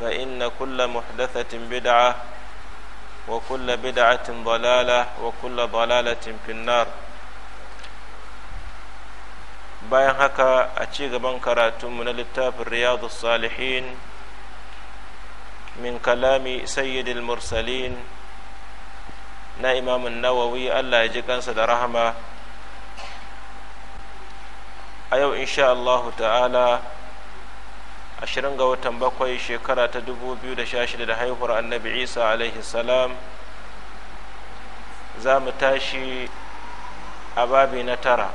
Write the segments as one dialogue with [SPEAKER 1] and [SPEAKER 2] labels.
[SPEAKER 1] فإن كل محدثة بدعة وكل بدعة ضلالة وكل ضلالة في النار bayan haka a ci gaban karatunmu na littafin riyadu salihin min kalami sayyidil mursalin na imamun nawawi allah ya ji kansa da rahama a yau insha allahu ta'ala ashirin ga watan bakwai shekara ta dubu biyu da sha shida da haihuwar annabi isa alaihi salam za mu tashi a babi na tara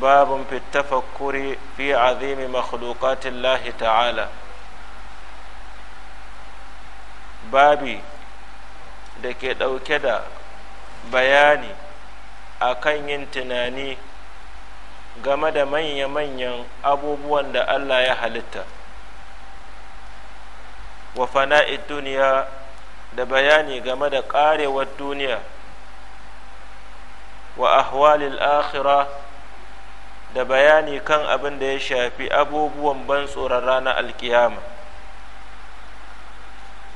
[SPEAKER 1] babin fitafakkuri fi azimi makhlukatin lahi ta'ala babi da ke ɗauke da bayani a kan yin tunani game da manya-manyan abubuwan da Allah ya halitta wa fana'id duniya da bayani game da ƙarewar duniya wa ahwalil akhira da bayani kan abin da ya shafi abubuwan ban tsoron ranar alkiyama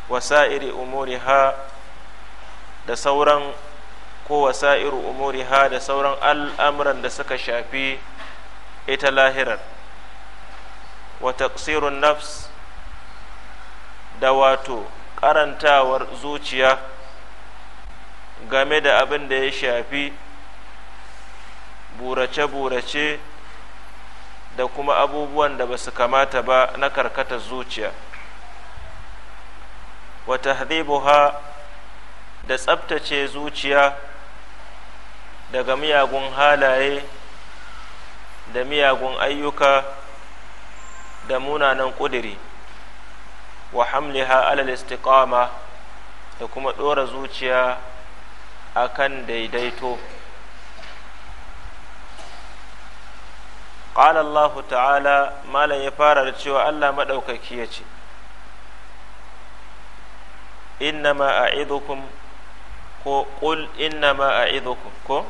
[SPEAKER 1] wa sa'iri umuriha da sauran ko wasa'iru umuriha da sauran al'amuran da suka shafi ita lahirar wa taqsirun nafs da wato karantawar zuciya game da abin da ya shafi burace-burace da kuma abubuwan da ba su kamata ba na karkatar zuciya wa tahdhibuha da tsabtace zuciya daga miyagun halaye da miyagun ayyuka da munanan ƙudiri wa hamliha alal istiqama da kuma ɗora zuciya a kan daidaito قال ta'ala تعالى ya fara يفار cewa Allah maɗaukaki ya ce innama a'idukum ko qul innama a'idukum ko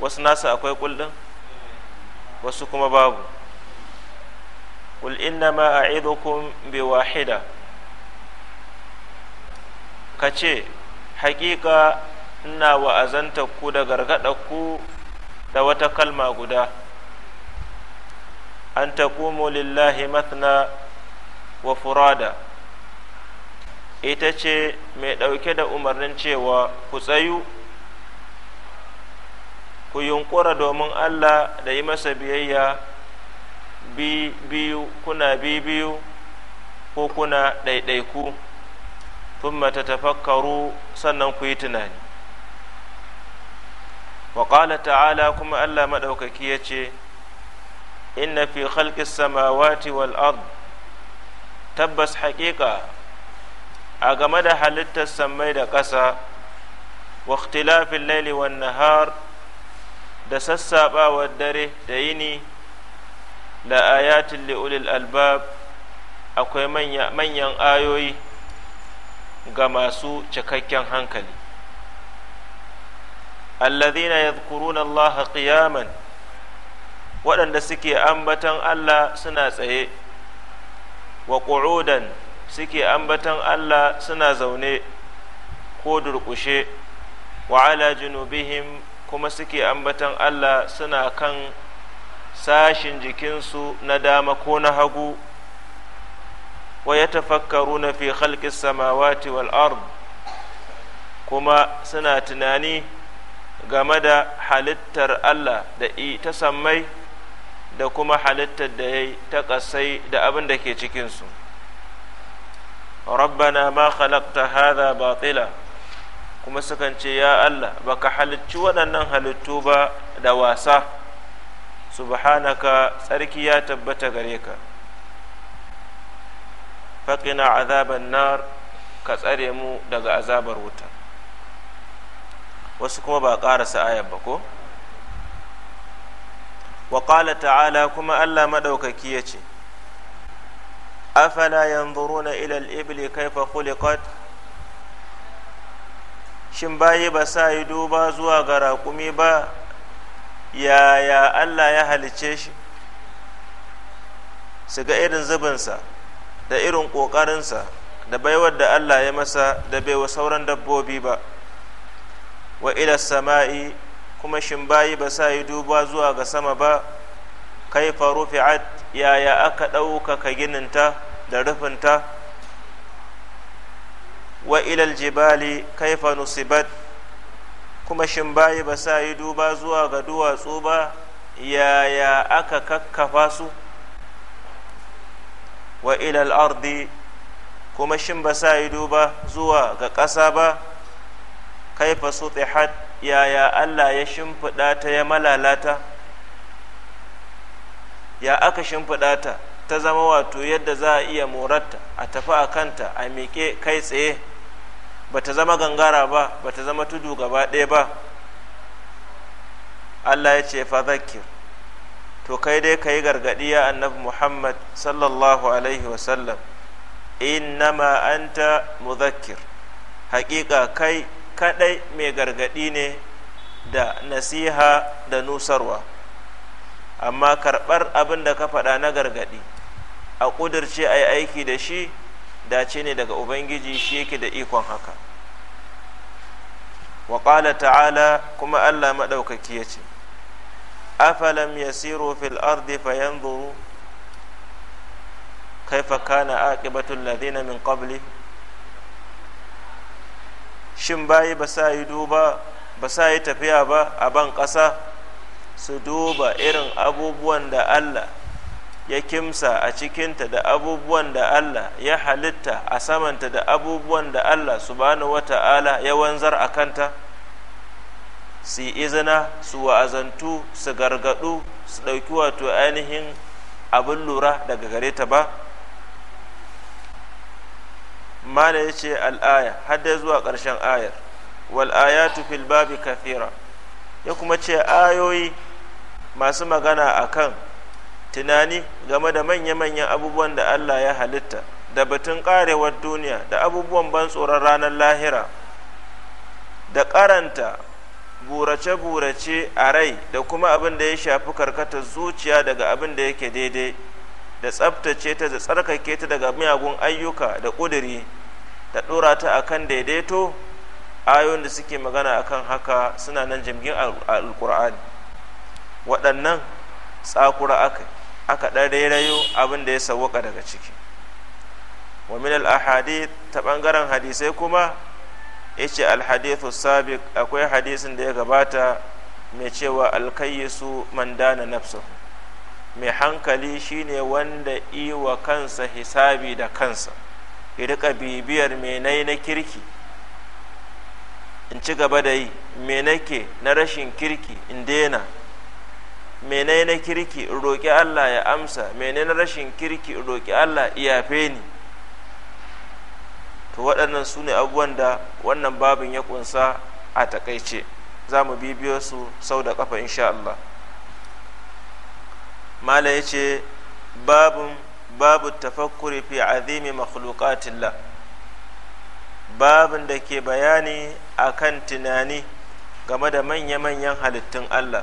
[SPEAKER 1] wasu nasa akwai kullun wasu kuma babu qul innama a'idukum bi wahida kace haƙiƙa ina wa'azanta ku da gargada ku da wata kalma guda an taqumu lillahi mathna wa furada ita ce mai ɗauke da umarnin cewa ku tsayu ku yunkura domin Allah da yi masa biyayya biyu kuna biyu ko kuna ɗaiɗaiku ta tafakkaru sannan ku yi tunani wa qala ta'ala kuma Allah maɗaukaki ya ce inna fi khalqis samawati wal ard tabbas haƙiƙa a game da halittar sammai da ƙasa wa ikhtilafin laili wan nahar da sassaɓawar dare da yini la ayatin li'ulil albab akwai manyan ayoyi ga masu cikakken hankali allazina yadhkuruna allaha qiyaman waɗanda suke ambatan Allah suna tsaye wa suke ambatan Allah suna zaune ko durƙushe wa ala junubihim kuma suke ambatan Allah suna kan sashin jikinsu na dama ko na hagu wa ya tafakkaru na fi khalqis samawati wal ard kuma suna tunani game da halittar Allah da ta sammai da kuma halittar da ya ta ƙasai da abin da ke cikinsu rabbana ma khalaqta hadha batila kuma sukan ce ya Allah baka halicci waɗannan halittu ba da wasa subhanaka tsarki ya tabbata gare ka faƙina azaban nar ka tsare mu daga azabar wuta wasu kuma ba ƙarasa ayar ba ko wa ta'ala kuma Allah maɗaukaki ya ce afala yanzuruna ila al-ibli kaifa khuliqat shin baye ba sa yi duba zuwa ga raƙumi ba yaya Allah ya halice shi su ga irin zubinsa da irin ƙoƙarinsa da baiwar da Allah ya masa da baiwa sauran dabbobi ba wa ila sama'i kuma shin yi ba sa yi duba zuwa ga sama ba kaifa rufi'at yaya aka ɗaukaka gininta da rufinta wa ilal jibali kaifa nusibat kuma shin bayi ba sa yi duba zuwa ga duwatsu ba yaya aka kakkafa su wa ilal ardi kuma shin ba sa yi duba zuwa ga ƙasa ba kaifa sutihat yaya Allah ya shimfiɗa ta ya malalata ya aka shimfiɗa ta ta zama wato yadda za a iya morarta a tafi a kanta a miƙe kai tsaye bata zama gangara ba bata zama tudu gaba ɗaya ba allah ya ce fadakir to kai dai ka yi gargaɗi ya annabi muhammad sallallahu alaihi wasallam innama anta mudhakkir haƙiƙa kai kaɗai mai gargaɗi ne da nasiha da nusarwa amma karɓar abin da ka faɗa na gargaɗi a ƙudurce a yi aiki da shi dace ne daga ubangiji shi yake da ikon haka wa ƙala ta'ala kuma allah maɗaukaki ya ce afalam yasiru fil ardi fayanzuru kaifa kana aqibatul ladina min qabli shin bayi ba sa yi duba ba sa yi tafiya ba a ban ƙasa su duba irin abubuwan da allah ya kimsa a cikinta da abubuwan da Allah ya halitta a samanta da abubuwan da Allah subhanahu ta'ala ya wanzar a kanta su izina su wa'azantu su gargadu su ɗauki wato ainihin abin lura daga gare ta ba mana ya ce al'aya hadda zuwa ƙarshen ayar wal'ayatu ayatu fil kafira ya kuma ce ayoyi masu magana a kan. tunani game da manya-manyan abubuwan da Allah ya halitta da batun karewar duniya da abubuwan ban tsoron ranar lahira da karanta burace-burace a rai da kuma abin da ya shafi karkatar zuciya daga abin da yake daidai da tsabtace ta da tsarkake ta daga miyagun ayyuka da ƙuduri da ɗora ta a kan daidaito ayoyin da suke magana a kan haka suna nan jamgin alƙur'ani waɗannan tsakura akai. aka ɗan rairayo abin da ya sawwaka daga ciki wa min al ta ɓangaren hadisai kuma yace al-hadithu sabiq akwai hadisin da ya gabata mai cewa alkayisu Mandana na nafsu mai hankali shine wanda iwa kansa hisabi da kansa ya riƙa bibiyar menai na kirki in ci gaba da yi me nake na rashin kirki in daina menene kirki in roƙi Allah ya amsa menene rashin kirki in roƙi Allah ya ni to waɗannan su ne abubuwan da wannan babin ya ƙunsa a takaice za mu bibiyo su sau da ƙafa insha Allah mala ya ce babin babu tafakkuri fi azimi makhluqatillah babin da ke bayani a kan tunani game da manya-manyan halittun Allah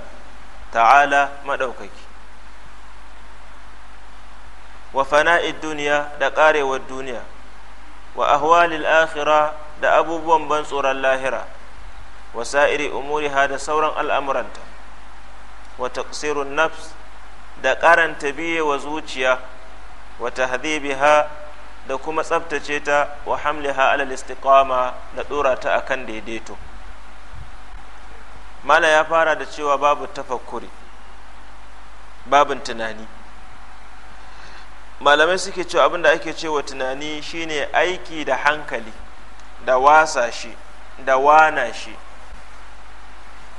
[SPEAKER 1] ta'ala maɗaukaki wa fana'i duniya da ƙarewar duniya wa ahwalil akhira da abubuwan ban tsoron lahira wa sa'iri umuriha da sauran al'amuranta wa taqsirun nafs da karanta biye wa zuciya wa ha da kuma tsabtace ta wa hamliha alal istiqama da dora ta akan daidaito mala ya fara da cewa babu tafakkuri babin tunani malamai suke cewa abin da ake cewa tunani shine aiki da hankali da wasa shi da wana shi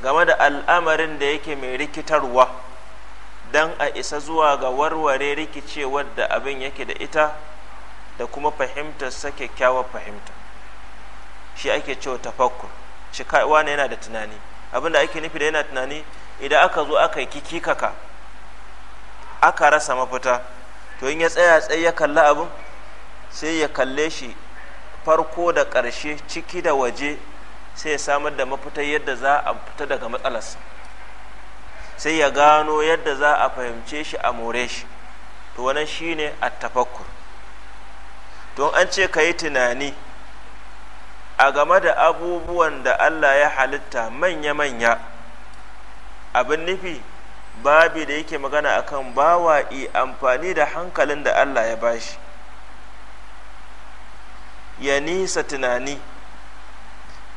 [SPEAKER 1] game da al'amarin da yake mai rikitarwa don a isa zuwa ga warware rikicewar da abin yake da ita da kuma fahimtar sa kyakkyawar fahimta shi ake cewa tafakkur shi wane yana da tunani abin da ake nufi da yana tunani idan aka zo aka yi kikaka aka rasa mafita to in ya tsaya tsaye ya kalli abin sai ya kalle shi farko da ƙarshe ciki da waje sai ya samar da mafita yadda za a fita daga matsalarsa sai ya gano yadda za a fahimce shi a more shi to wannan shine at tafakkur an ce ka yi tunani a game da abubuwan da Allah ya halitta manya-manya abin nufi babi da yake magana akan bawa i amfani da hankalin da Allah ya bashi ya nisa tunani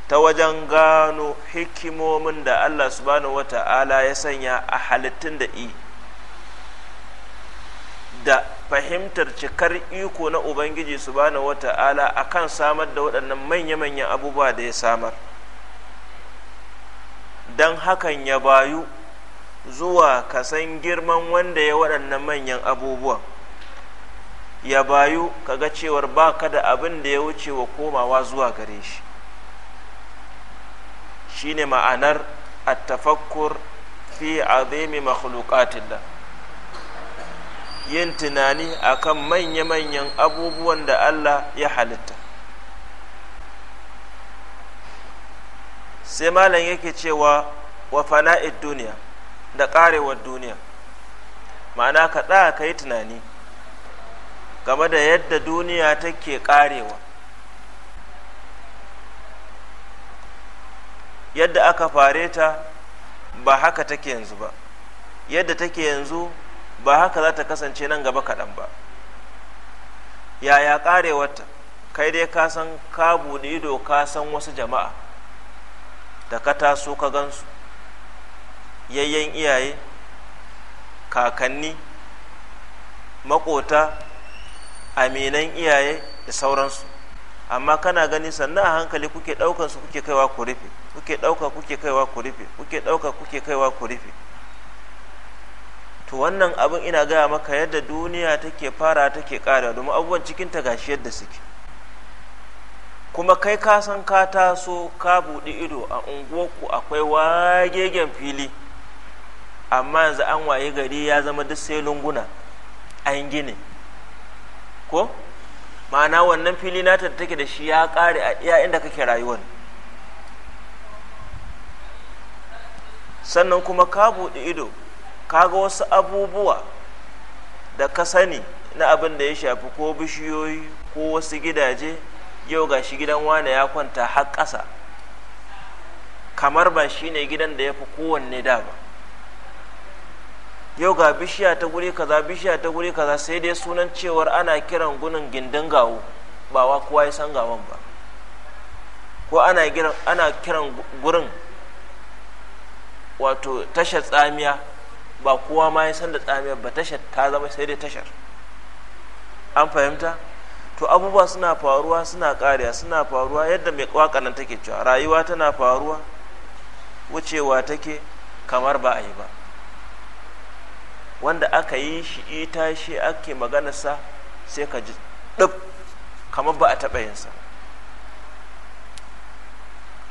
[SPEAKER 1] ta wajen gano hikimomin da Allah subhanahu wata'ala ya sanya a halittun da i da fahimtar cikar iko na ubangiji su bane wata'ala akan samar da waɗannan manya-manyan abubuwa da ya samar don hakan ya bayu zuwa kasan girman wanda ya waɗannan manyan abubuwan ya bayu ka ga cewar ba ka da abin da ya wuce wa komawa zuwa gare shi shine ma'anar a tafakkur fi azimi makhluqatillah yin tunani akan manya-manyan abubuwan da Allah ya halitta sai malam yake cewa wa fana'id duniya da karewar duniya ma'ana ka tsaya ka yi tunani game da yadda duniya take karewa yadda aka fare ta ba haka take yanzu ba yadda take yanzu ba haka za ta kasance nan gaba kaɗan ba yaya ƙarewarta kai dai ka san ka buɗe ido ka san wasu jama'a da ka taso ka gansu yayyen iyaye kakanni makota aminan iyaye da sauransu amma kana gani sannan a hankali kuke ɗaukansu kuke kaiwa ku rufe kuke ɗauka kuke kaiwa ku rufe kuke ɗauka kuke kaiwa ku rufe to wannan abin ina gaya maka yadda duniya take fara take ƙara domin abubuwan cikin ta gashi yadda suke kuma kai ka san ka taso ka buɗi ido a unguwarku akwai wagegen fili amma yanzu an waye gari ya zama duk sai lunguna an gine ko ma'ana wannan fili nata da take da shi ya kare a iya inda kake rayuwa. sannan kuma ka buɗe ido kaga wasu abubuwa da ka sani na abin da ya shafi ko bishiyoyi ko wasu gidaje yau ga shi gidan wane ya kwanta har ƙasa kamar ba shi ne gidan da ya fi kowanne da ba yau ga bishiya ta guri kaza bishiya ta guri kaza sai dai sunan cewar ana kiran gunin gindin gawo ba wa kowa ya san gawon ba ko ana kiran gurin wato tashar tsamiya ba kowa ma ya san da tsamiyar ba tashar ta zama sai dai tashar an fahimta to abubuwa suna faruwa suna ƙariya suna faruwa yadda mai waka nan take cewa rayuwa tana faruwa wucewa take kamar ba a yi ba wanda aka yi shi ita shi ake maganarsa sai ka ji ɗab kamar ba a taɓa yinsa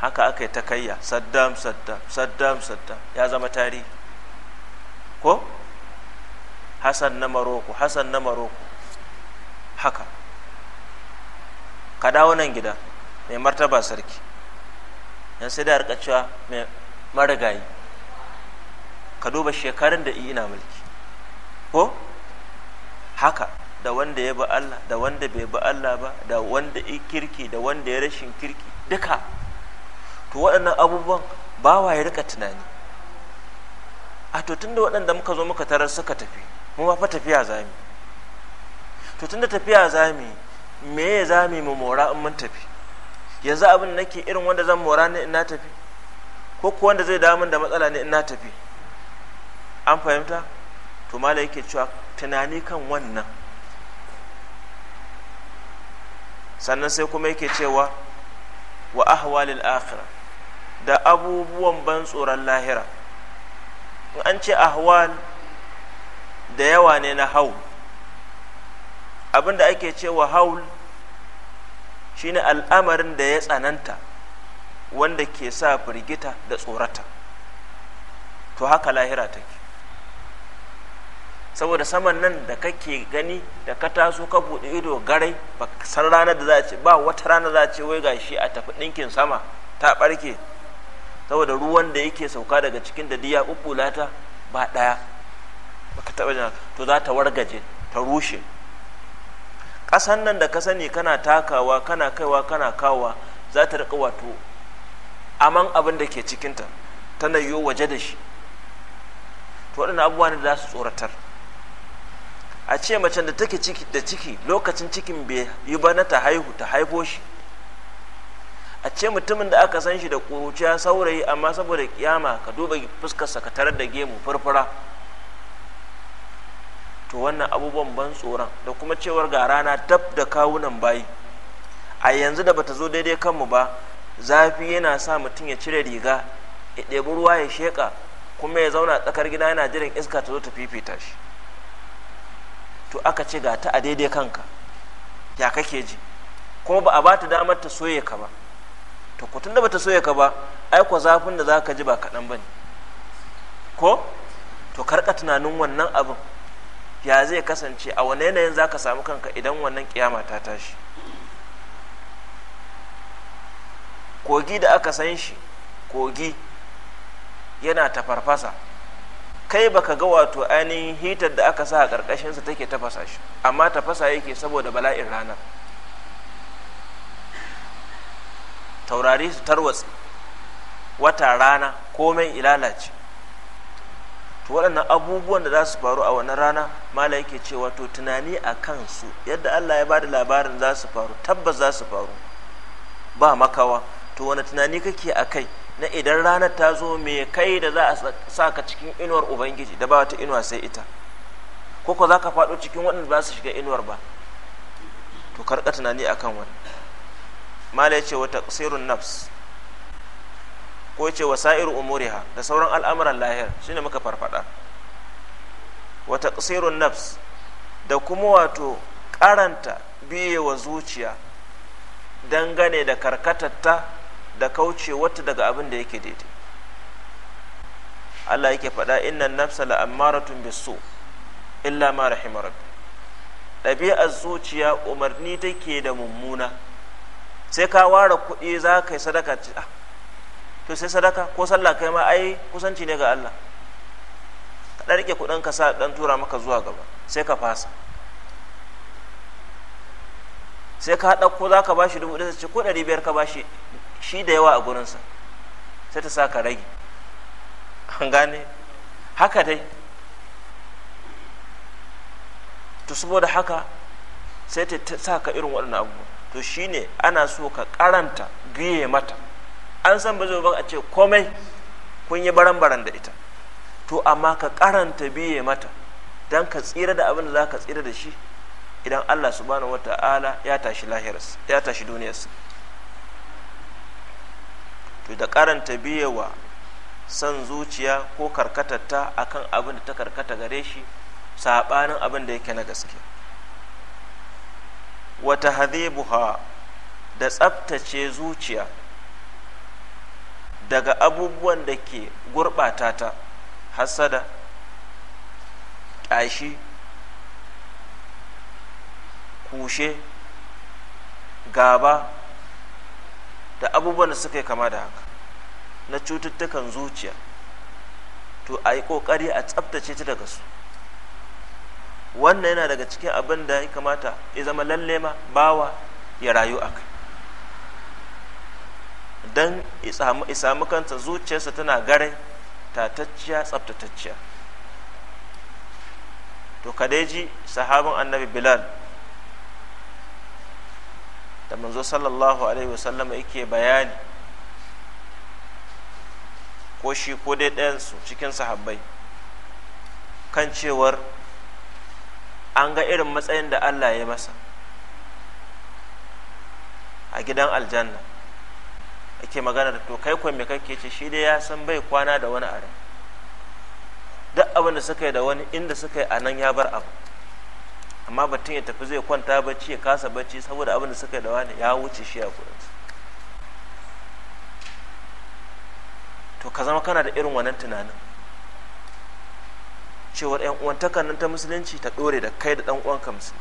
[SPEAKER 1] haka aka yi ta kayya saddam saddam saddam saddam ya zama tarihi ko hasan na maroko hasan na maroko haka ka dawo nan gida mai martaba sarki yan sai da harka cewa mai marigayi ka duba shekarun da ina mulki ko haka da wanda ya bi Allah da wanda bai bi Allah ba da wanda ya kirki da wanda ya rashin kirki duka to waɗannan abubuwan ba wa ya rika tunani a to tunda waɗanda muka zo muka tarar suka tafi mu ba fa tafiya zami to tunda tafiya zami me ya zami mu mora in mun tafi yanzu abin nake irin wanda zan mora ne in na tafi ko kuwa wanda zai damun da matsala ne in na tafi an fahimta to mala yake cewa tunani kan wannan sannan sai kuma yake cewa wa ahwalil akhirah da abubuwan ban tsoron lahira in an ce ahwal da yawa ne na haul abinda ake cewa haul shine al'amarin da ya tsananta wanda ke sa firgita da tsorata to haka lahira take saboda saman nan da kake gani da ka taso ka buɗe ido garai ba san ranar da za a ce ba wata ranar za a ce wai gashi a tafi ɗinkin sama ta ɓarke saboda ruwan da yake sauka daga cikin da diya lata ba ɗaya baka taba jin to za ta wargaje ta rushe ƙasan nan da ka sani kana takawa kana kaiwa kana kawa za ta riƙa wato aman abin da ke cikinta tana yiwu waje da shi to waɗannan abubuwa ne za su tsoratar a ce macen da take ciki da ciki lokacin cikin bai yi ba na ta haihu ta haifo shi a ce mutumin da aka san shi da kuruciya saurayi amma saboda kiyama ka duba fuskarsa ka tarar da gemu furfura to wannan abubuwan ban tsoron da kuma cewar ga rana dab da kawunan bayi a yanzu da bata zo daidai kanmu ba zafi yana sa mutum ya cire riga ya ɗebi ruwa ya sheƙa kuma ya zauna tsakar gida yana jiran iska ta zo ta fifita shi to aka ce ga ta a daidai kanka ya kake ji kuma ba a ba ta damar ta soye ka ba to ku tunda bata soya ka ba ai zafin da zaka ji ba kaɗan bane ko to karka tunanin wannan abin ya zai kasance a wane yanayin za ka samu kanka idan wannan kiyama ta tashi kogi da aka san shi kogi yana tafarfasa kai baka ga wato ainihin hitar da aka sa a ƙarƙashinsa take tafasa shi amma tafasa yake saboda bala'in ranar taurari su tarwatse wata rana komai ilalace to waɗannan abubuwan da za su faru a wannan rana mala yake cewa to tunani a kansu yadda allah ya ba da labarin za su faru tabbas za su faru ba makawa to wani tunani kake a kai na idan ranar ta zo me kai da za a sa ka cikin inuwar ubangiji da ba wata inuwa sai ita ko ko za ka faɗo cikin waɗanda ba su shiga inuwar ba to karɓa tunani akan wani mala ce wa taqsirun nafs ko ce wa umuriha da sauran al'amuran lahir shine muka farfada wa taqsirun nafs da kuma wato karanta biyewa zuciya dangane da karkatatta da kauce wata daga abin da yake daidai Allah yake faɗa innan nafsa la'ammaratun bisu illa ma rahimar ɗabi'ar zuciya umarni take da mummuna sai ka ware kuɗi za ka yi sadaka ci ah, to sai sadaka ko sallah kai ma ai kusanci ne ga Allah ka ɗan rike kuɗin ka sa ɗan tura maka zuwa gaba sai ka fasa sai ka haɗa ko za ka ba shi dubu ɗaya ce ko ɗari biyar ka ba shi da yawa a gurinsa sai ta sa ka rage an gane haka dai to saboda haka sai ta sa ka irin waɗannan abubuwa to shine ana so ka karanta giye mata an san ba zai ba a ce komai kun yi baran-baran da ita to amma ka karanta biye mata don ka tsira da abin da za ka tsira da shi idan allah subhanahu wata'ala ya tashi lahirarsa ya tashi duniyarsa to da karanta biyewa san zuciya ko karkatatta akan abin da ta karkata gare shi saɓanin abin da yake na gaske. wata tahdhibuha da tsabtace zuciya daga abubuwan da ke gurɓata ta hasada ƙashi kushe gaba da abubuwan da suka yi kama da haka na cututtukan zuciya to a yi ƙoƙari a tsabtace ta daga su wannan yana daga cikin abin da ya kamata ya zama lalle ma bawa ya rayu a kai don isamu kanta zuciyarsa tana ta tatacciya tsabtatacciya to kadeji sahabin annabi bilal da manzo sallallahu alaihi wasallama yake bayani ko shi ko dai ɗayansu cikin sahabbai kan cewar an ga irin matsayin da Allah ya masa a gidan aljanna ake magana da to kai kuwa kake ce shi dai ya san bai kwana da wani are duk abin da suka yi da wani inda suka yi a nan ya bar abu amma batun ya tafi zai kwanta bacci ya kasa bacci saboda abin da suka yi da wani ya wuce shi a kudinsa to ka zama kana da irin wannan tunanin cewar yan uwantakan nan ta musulunci ta dore da kai da dan uwanka musulmi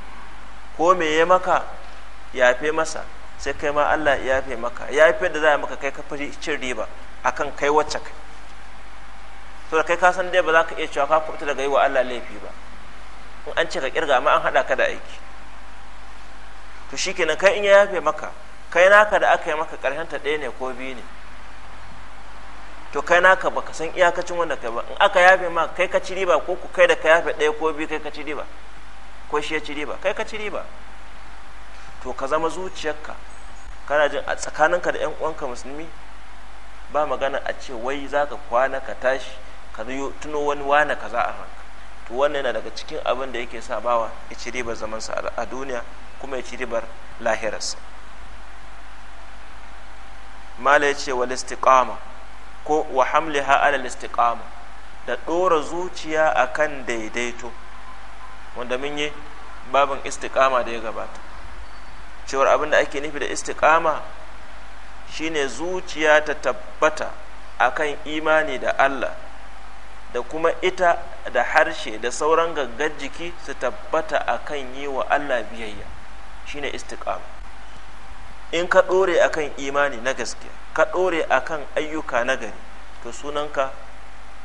[SPEAKER 1] ko me ya maka yafe masa sai kai ma Allah ya yafe maka yafe da za maka kai ka fi cin riba akan kai wacce kai to da kai ka san dai ba za ka iya cewa ka kuɓuta daga yi wa Allah laifi ba in an ce ka kirga ma an haɗa ka da aiki to kenan kai in ya yafe maka kai naka da aka yi maka karshen ta ɗaya ne ko biyu ne to kai naka baka san iyakacin wanda kai ba in aka yafe ma kai ka ci riba ko ku kai da ka yafe ɗaya ko biyu kai ka ci riba ko shi ya ci riba kai ka ci riba to ka zama zuciyarka kana jin a tsakaninka da 'yan uwanka musulmi ba magana a ce wai za ka kwana ka tashi ka tuno wani wane ka za a ranka to wannan yana daga cikin abin da yake sa bawa ya ci ribar zamansa a duniya kuma ya ci ribar lahirarsa mala ya ce wal istiqama ko wa hamliha alal istiqama da ɗora zuciya akan daidaito wanda mun yi babin istiqama da ya gabata cewar abin da ake nufi da istiqama shine zuciya ta tabbata akan imani da Allah da kuma ita da harshe da sauran gaggar jiki su tabbata akan yi wa Allah biyayya shine istiqama in ka ɗore a kan imani na gaske ka ɗore a kan ayyuka na gari to sunanka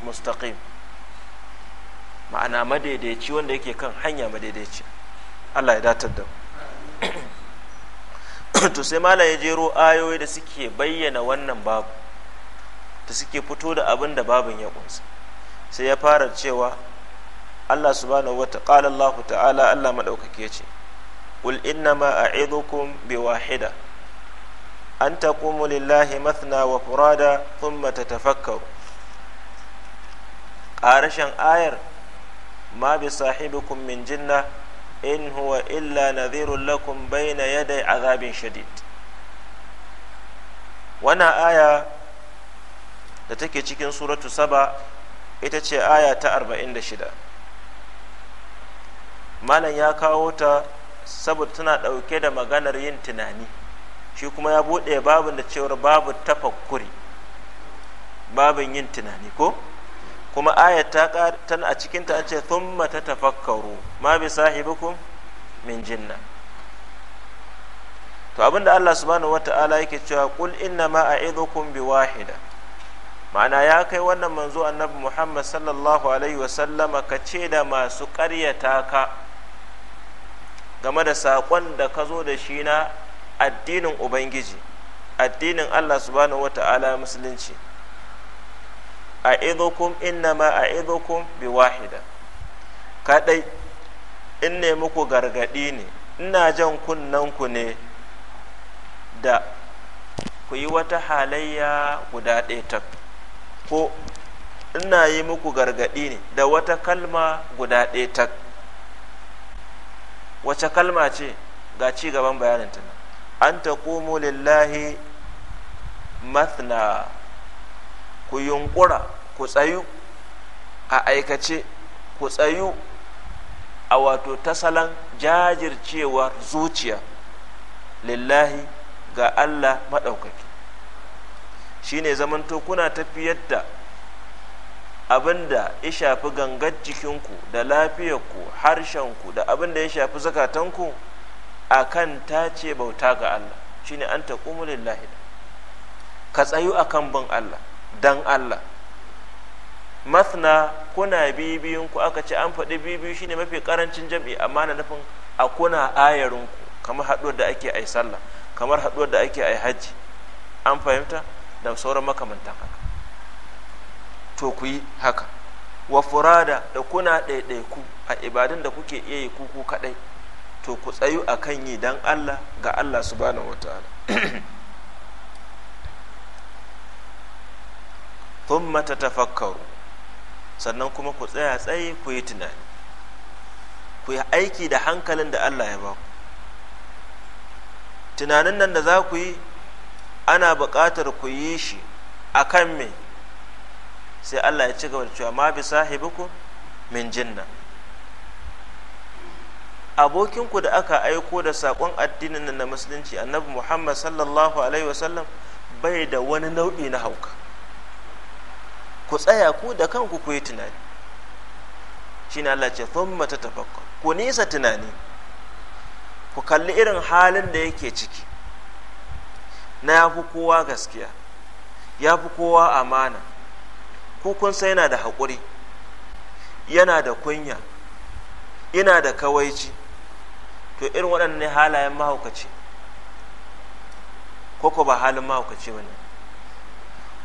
[SPEAKER 1] mustaqim ma'ana madaidaici wanda yake kan hanya madaidaici allah ya datar da to sai malam ya jero ayoyi da suke bayyana wannan babu da suke fito da abin da babin ya kunsa sai ya fara cewa allah subhanahu wa ta'ala allah ta'ala allah maɗaukake ce ma innama a'idukum bi wahida an taqumu lillahi mathna wa furada thumma tafakkau ƙarashin ayar ma bi sahibikum min jinna in huwa illa nadhirun lakum bayna yaday azabin shadid wannan aya da take cikin suratu saba ita ce aya ta 46 malam ya kawo ta saboda tana ɗauke da maganar yin tunani shi kuma ya buɗe babin da cewar babu tafakkuri babin yin tunani ko kuma ayat ta tana a cikinta an ce thumma ta tafakkaru ma bi sahibukum min jinna to abinda Allah subhanahu wata'ala yake cewa qul inna ma a'idukum bi wahida ma'ana ya kai wannan manzo annabi Muhammad sallallahu alaihi wa sallama ka ce da masu ƙaryata ka game da saƙon da ka zo da shi na addinin ubangiji addinin allah subhanahu wata'ala musulunci a idokum innama a idokum bi wahida kadai in ne muku gargadi ne ina jan ku ne da ku yi wata halayya guda ɗaya ko ina yi muku gargaɗi ne da wata kalma guda ɗaya wace kalma ce ga ci gaban bayanin an ta komo lillahi mathna ku yunkura ku tsayu a aikace ku tsayu a wato tasalan jajircewar zuciya lillahi ga Allah maɗaukaki shi ne zamanto kuna tafiyar da abin da ya shafi gangar jikinku da lafiyarku harshenku da abin da ya shafi zakatanku akan ce bauta ga Allah shine an taqumu lillahi ka tsayu akan bin Allah dan Allah mathna kuna bibiyun ku aka ce an faɗi bibiyu shine mafi karancin jam'i amma na nufin a kuna ayarin kamar haɗuwar da ake ai sallah kamar haɗuwar da ake ai hajji an fahimta da sauran makamantan haka to ku yi haka wa furada da kuna ɗaiɗaiku a ibadun da kuke iya yi kuku kaɗai to ku tsayu a kan yi don allah ga allah su subhanahu wa ta'ala thumma tatafakkaru sannan kuma ku tsaya tsaye ku yi tunani ku yi aiki da hankalin da allah ya ba ku tunanin nan da za ku yi ana buƙatar ku yi shi a kan me sai allah ya ci gaba da cewa ma bi sahibiku min jinnan abokinku da aka aiko da saƙon addinin na musulunci annabi muhammad sallallahu alaihi wasallam bai da wani nau'i na hauka ku tsaya ku da kanku ku yi tunani shi ne Allah ce ta tafakka ku nisa tunani ku kalli irin halin da yake ciki na ya fi kowa gaskiya ya fi kowa amana ku kun sai yana da haƙuri yana da kunya yana da kawaici to irin waɗannan halayen mahaukaci ko ko ba halin mahaukaci ba ne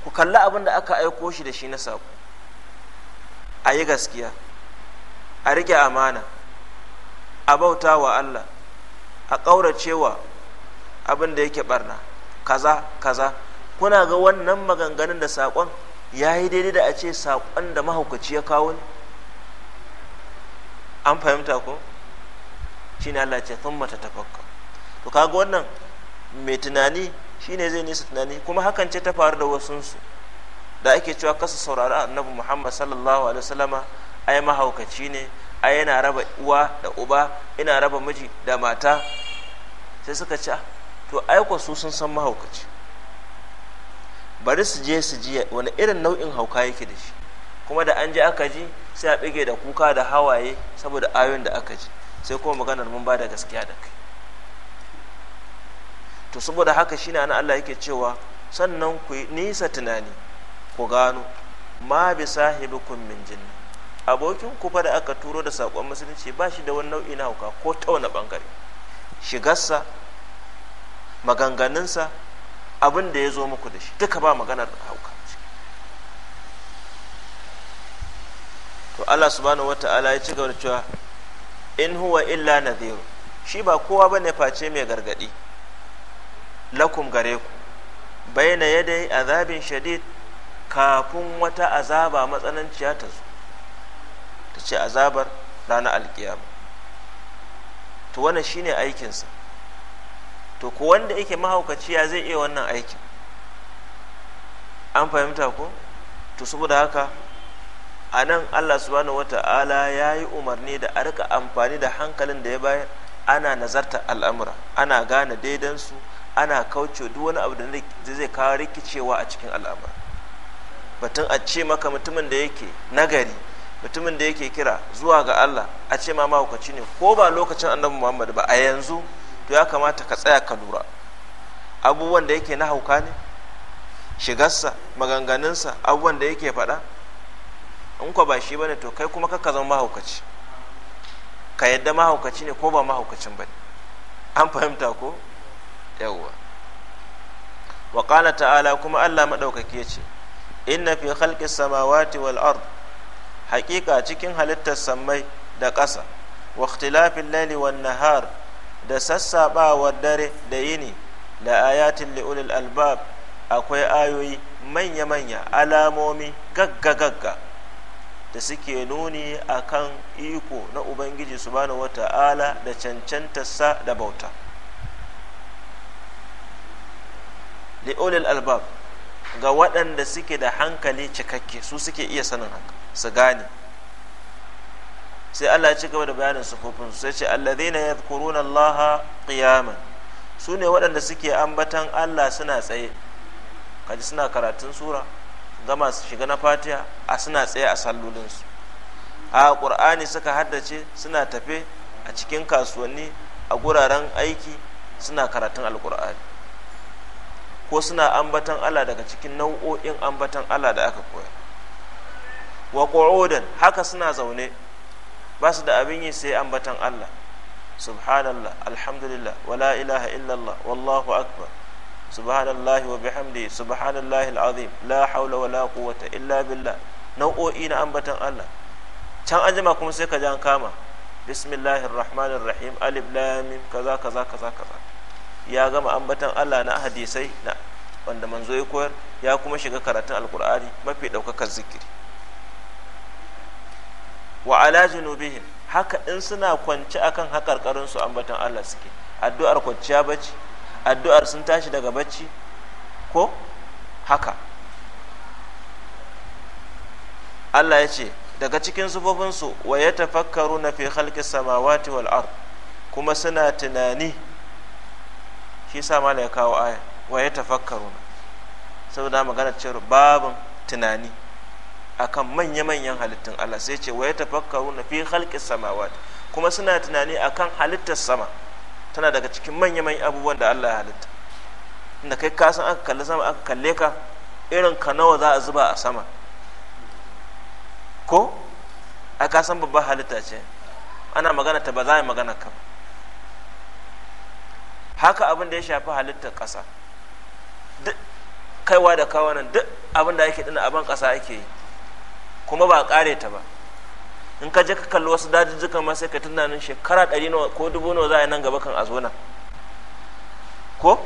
[SPEAKER 1] ku kalla abin da aka aiko shi da shi na saƙo a yi gaskiya a riƙe amana a bauta wa allah a ƙauracewa abin da yake barna kaza kaza kuna ga wannan maganganun da saƙon ya yi daidai da a ce saƙon da mahaukaci ya kawo ne an fahimta ku? shine Allah ce thumma tatafakka to kaga wannan mai tunani shine zai nisa tunani kuma hakan ce ta faru da wasunsu da ake cewa kasa saurari annabi Muhammad sallallahu alaihi wasallama ai mahaukaci ne ai yana raba uwa da uba ina raba miji da mata sai suka ce ah, to ai su sun san mahaukaci bari su je su ji wani irin nau'in hauka yake da shi kuma da an ji aka ji sai a bige da kuka da hawaye saboda ayoyin da aka ji sai kuma maganar mun ba da gaskiya da kai to saboda haka shine ana Allah yake cewa sannan ku nisa tunani ku gano ma bi sahibikum min jinni abokin ku fa da aka turo da sakon musulunci ba shi da wani nau'i na hauka ko ta wani bangare shigarsa maganganunsa abin da ya zo muku da shi duka ba maganar hauka to Allah subhanahu wata'ala ya ci gaba da cewa in huwa illa nadhir shi ba kowa ba bane face mai gargadi lakum gare ku bayyana yadai azabin shadid kafin wata azaba matsananciya ta zo ta ce azabar ranar alkiyama to wannan shine aikinsa to ko wanda yake mahaukaciya zai iya wannan aikin an fahimta ko to saboda haka a nan allah subhanahu wata'ala ya yi umarni da a rika amfani da hankalin da ya bayar ana nazarta al'amura ana gane daidansu ana kauce duk wani abu da zai kawo rikicewa a cikin al'amura batun a ce maka mutumin da yake nagari mutumin da yake kira zuwa ga allah a ce ma mahaukaci ne ko ba lokacin annabi muhammad ba a yanzu to ya kamata ka tsaya ka lura abubuwan da yake na hauka ne shigarsa maganganunsa abubuwan da yake faɗa in kwa ba shi bane to kai kuma kakka zama mahaukaci ka yadda mahaukaci ne ko ba mahaukacin bane an fahimta ko yawwa wa qala ta'ala kuma Allah madaukaki yace inna fi khalqis samawati wal ard haqiqa cikin halittar samai da ƙasa wa ikhtilafil layli wan nahar da sassabawar dare da yini da ayatin li ulil albab akwai ayoyi manya manya alamomi gagga gagga da suke nuni akan iko na ubangiji subhanahu wata'ala da sa da bauta li'ulil albab ga waɗanda suke da hankali cikakke su suke iya sanin haka su gane sai Allah ci gaba da bayanin sufufin sai ce allazina yadhkuruna Allah qiyaman su ne waɗanda suke ambatan Allah suna tsaye kaji suna karatun sura gama su shiga na fatiya a suna tsaye a sallolinsu a ƙur'ani suka haddace suna tafe a cikin kasuwanni a guraren aiki suna karatun alƙur'ani ko suna ambatan ala daga cikin nau'o'in ambatan allah da aka koya wa ƙo'odan haka suna zaune ba su da abin yi sai ambatan allah subhanallah alhamdulillah wala ilaha illallah wallahu akbar subhanallah wa bihamdi subhanallah alazim la haula wala quwwata illa billah nau'o'i na ambatan Allah can an jima kuma sai ka jan kama bismillahir rahmanir rahim alif lam kaza kaza kaza kaza ya gama ambatan Allah na hadisai na wanda manzo ya koyar ya kuma shiga karatun alkur'ani mafi daukakar zikiri wa ala junubihim haka in suna kwance akan hakarkarin su ambatan Allah suke addu'ar kwanciya bace addu'ar sun tashi daga bacci ko haka Allah ya ce daga cikin sufofinsu wa ya tafakkaru na fi halki samawati wal ard kuma suna tunani shi sa mala ya kawo aya wa ya tafakkaru na saboda magana ce babin tunani akan manya-manyan halittun Allah sai ce wa ya tafakkaru na fi halki samawati kuma suna tunani akan halittar sama tana daga cikin manya manyan abubuwan da Allah ya halitta inda kai ka san aka kalli sama aka kalle ka irin ka nawa za a zuba a sama ko a ka san babban halitta ce ana magana ta ba za a yi magana ka haka abin da ya shafi halittar ƙasa duk kaiwa da kawanan duk abin da ake dina abin ƙasa ake yi kuma ba a ƙare ta ba in ka je ka kalli wasu dajijjikan ma sai ka tunanin shekara ɗari ko dubu nawa za a yi nan gaba kan a zona ko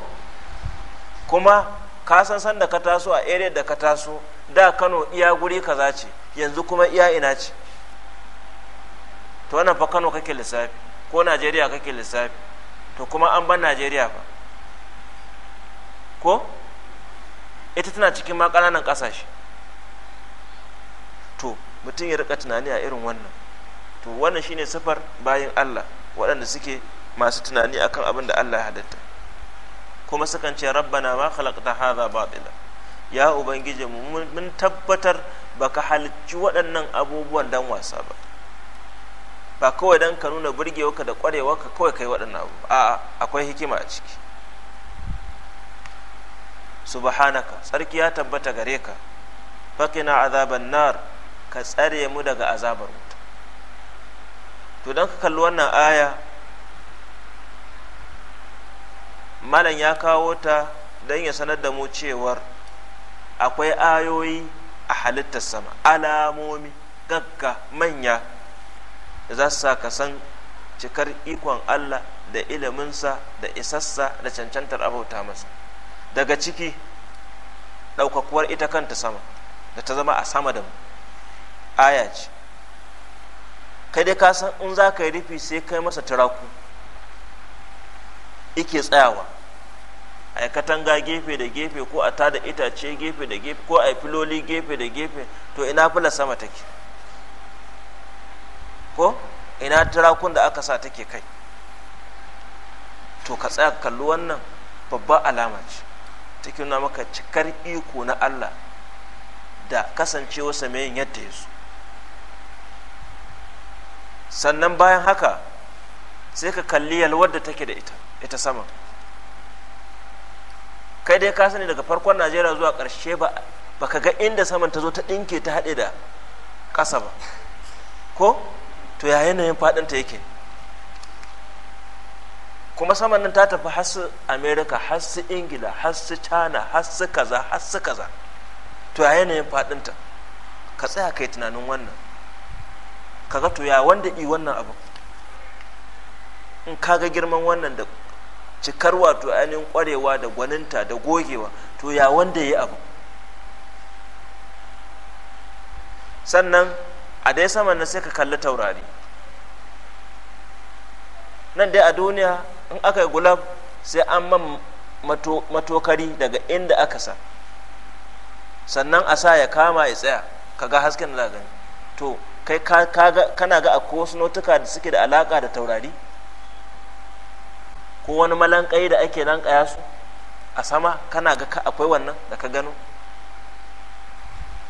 [SPEAKER 1] kuma ka san san da ka taso a area da ka taso da kano iya guri kaza ce yanzu kuma iya ina ce to wannan fa kano kake lissafi ko najeriya kake lissafi to kuma an ban najeriya fa ko ita tana cikin ma ƙananan ƙasashe mutum ya rika tunani a irin wannan to wannan shine safar bayan Allah waɗanda suke masu tunani akan abin da Allah ya hadatta kuma sukan ce rabbana ma khalaqta hadha batila ya ubangije mu mun tabbatar baka halicci waɗannan abubuwan dan wasa ba ba kawai dan ka nuna burgewarka da ka kawai kai waɗannan abu a akwai hikima a ciki subhanaka tsarki ya tabbata gare ka faqina azaban nar ka tsare mu daga azabar wuta to don ka kalli wannan aya malam ya kawo ta don ya sanar da mu cewar akwai ayoyi a halittar sama alamomi gagga manya da za su sa ka san cikar ikon Allah da iliminsa da isassa da cancantar abauta masa daga ciki ɗaukakuwar ita kanta sama da ta zama a sama da mu aya ce kai dai ka san in za ka yi rufi sai kai masa turaku ike tsayawa a katanga gefe da gefe ko a tada itace gefe da gefe ko a filoli gefe da gefe to ina fila sama take ko ina turakun da aka sa take kai to ka tsaya kalli wannan babban alama ce take nuna maka cikar iko na allah da kasancewa mai yadda ya so sannan bayan haka sai ka kalli yalwar da take da ita ita sama kai dai ka sani daga farkon najeriya zuwa ƙarshe ba baka ga inda saman ta zo ta ɗinke ta haɗe da kasa ba ko to ya yanayin faɗinta yake kuma saman nan ta tafi har su america har ingila har su china har kaza har kaza to ya yanayin faɗinta ka tsaya kai tunanin wannan kaga to ya wanda i wannan abu in kaga girman wannan da cikar wato ainihin kwarewa da gwaninta da gogewa to ya wanda ya abu sannan a dai saman na sai ka kalli taurari nan dai a duniya in aka yi gulab sai an man matokari daga inda aka sa sannan a sa ya kama ya tsaya kaga hasken da gani to kai kana ga akwai wasu notuka da suke da alaka da taurari ko wani malankai da ake lankaya su a sama kana ga akwai wannan da ka gano